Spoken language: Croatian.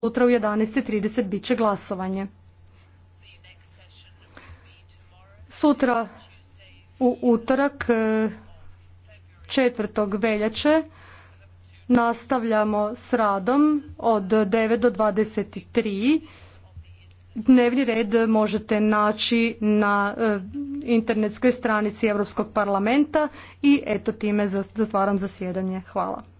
Sutra u 11.30 bit će glasovanje. Sutra u utorak 4. E, veljače nastavljamo s radom od 9 do 23. Dnevni red možete naći na e, internetskoj stranici Europskog parlamenta i eto time zatvaram zasjedanje. Hvala.